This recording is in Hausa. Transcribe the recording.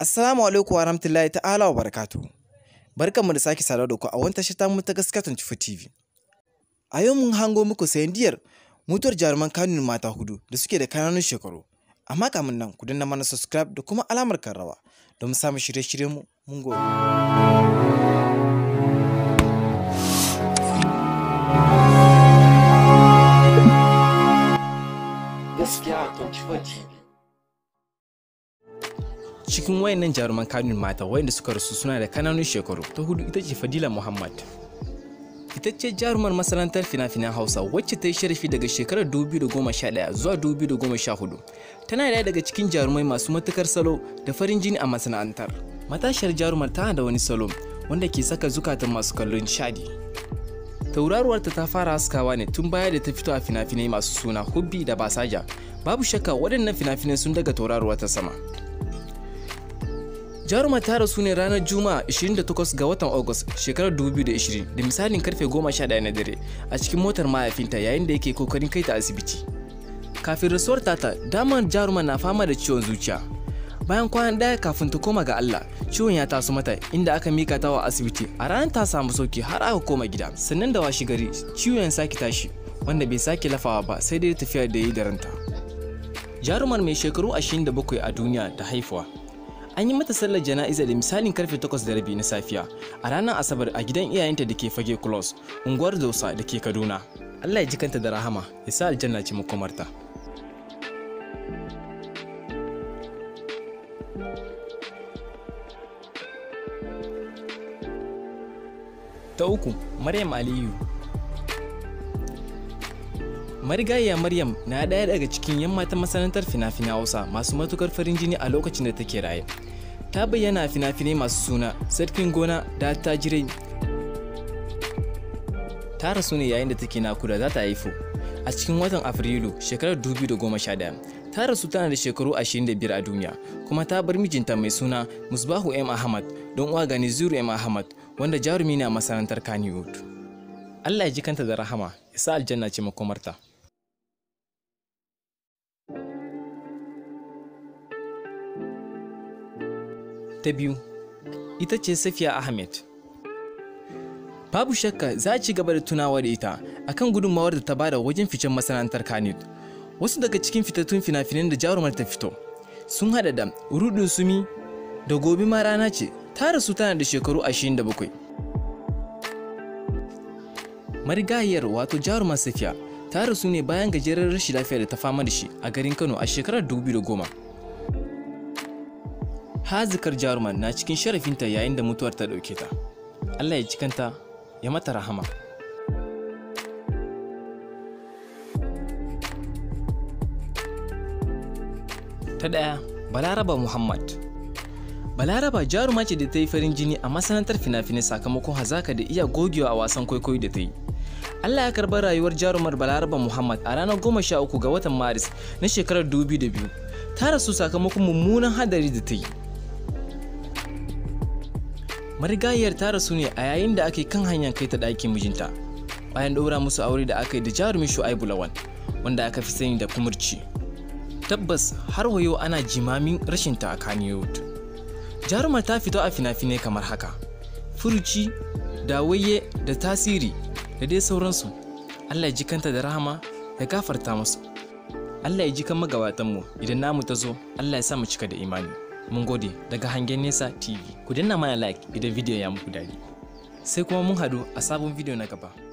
Assalamu alaikum wa rahmatullahi ta'ala wa barakatu. mu da sake saduwa da ku a wani tashar ta mu ta gaskiya 24 TV. A yau mun hango muku sayan diyar mutuwar jaruman kanun mata hudu da suke da kananun shekaru. Amma kamun nan ku danna mana subscribe da kuma alamar kan rawa don samu shirye-shiryen mu mun gode. cikin wayannan jaruman kanun mata wayanda suka rasu suna da kananun shekaru ta hudu ita ce fadila muhammad ita ce jarumar masarantar fina-finan hausa wacce ta yi sharafi daga shekarar 2011 zuwa 2014 tana daya daga cikin jarumai masu matukar salo da farin jini a masana'antar matashiyar jarumar tana da wani salo wanda ke saka zukatan masu kallon shadi tauraruwarta ta fara haskawa ne tun baya da ta fito a fina-finai masu suna hubbi da basaja babu shakka waɗannan fina-finai sun daga tauraruwa ta sama jaruma ta rasu ne ranar juma'a 28 ga watan agus shekarar 2020 da misalin karfe 11 na dare a cikin motar mahaifinta yayin da yake kokarin kai ta asibiti kafin rasuwar tata damar jaruma na fama da ciwon zuciya bayan kwanan daya kafin ta koma ga Allah ciwon ya taso mata inda aka mika ta wa asibiti a ranar ta samu sauki har aka koma gida sannan da washe gari ciwon ya sake tashi wanda bai sake lafawa ba sai dai tafiya da yi da ranta jarumar mai shekaru 27 a duniya da haifuwa an yi mata sallar jana'iza da misalin karfe 8:30 na safiya a ranar asabar a gidan iyayenta da ke fage kulos unguwar dosa da ke kaduna allah ya ji kanta da rahama ya sa aljanna ce makomarta ta uku maryam aliyu Marigayya Maryam na daya daga cikin yan matan masanantar fina-finan Hausa masu matukar farin jini a lokacin da take raye. Ta bayyana fina-finai masu suna Sarkin Gona da Tajirai. Ta rasu ne yayin da take nakuda za ta haifu a cikin watan Afrilu shekarar 2011. Ta rasu tana da shekaru 25 a duniya kuma ta bar mijinta mai suna Musbahu M. Ahmad don uwa gani Zuru M. Ahmad wanda jarumi na a masanantar Kannywood. Allah ya ji kanta da rahama, ya aljanna ce makomarta. ta biyu ita ce safiya ahmed babu shakka za a ci gaba da tunawa da ita akan gudunmawar da ta bada wajen ficen masana'antar kanit wasu daga cikin fitattun fina-finan da jarumar ta fito sun hada da rudin sumi da gobe ma rana ce ta rasu tana da shekaru 27 marigayiyar wato jarumar safiya ta rasu ne bayan gajerar rashin lafiya da ta fama da shi a garin kano a shekarar 2010 hazikar jaruman na cikin sharafinta yayin da mutuwar ta ɗauke ta allah ya cikanta ya mata rahama ta ɗaya balaraba muhammad balaraba jaruma ce da ta yi farin jini a masanantar fina-finai sakamakon hazaka da iya gogewa a wasan kwaikwayo da ta yi allah ya karɓi rayuwar jarumar balaraba muhammad a ranar goma sha uku ga watan maris na shekarar 2002 ta rasu sakamakon mummunan hadari da ta yi marigayiyar ta rasu ne a yayin da ake kan hanyar kai ta ɗakin mijinta bayan ɗora musu aure da aka yi da jarumi shu'aibu lawan wanda aka fi sani da kumurci tabbas har wayo ana jimamin rashin ta a kaniwood jarumar ta fito a fina-finai kamar haka furuci waye da tasiri da dai sauransu allah ya ji kanta da rahama ya gafarta musu allah ya ji kan magabatanmu idan namu ta zo allah ya sa mu cika da imani Mun gode daga hangen nesa TV. Ku danna mana like idan video ya muku dadi. Sai kuma mun hadu a sabon video na gaba.